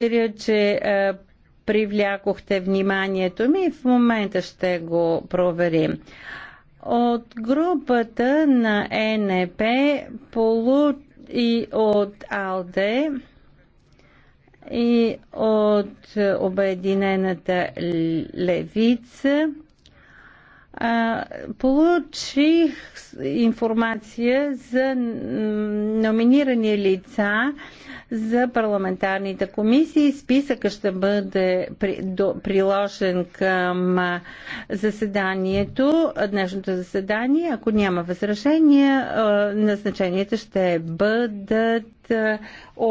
Благодаря, че е, привлякохте вниманието ми и в момента ще го проверим. От групата на е НП, полу... и от АЛДЕ и от Обединената левица е, получих информация за номинирани лица за парламентарните комисии. Списъка ще бъде при, до, приложен към заседанието, днешното заседание. Ако няма възражения, назначенията ще бъдат от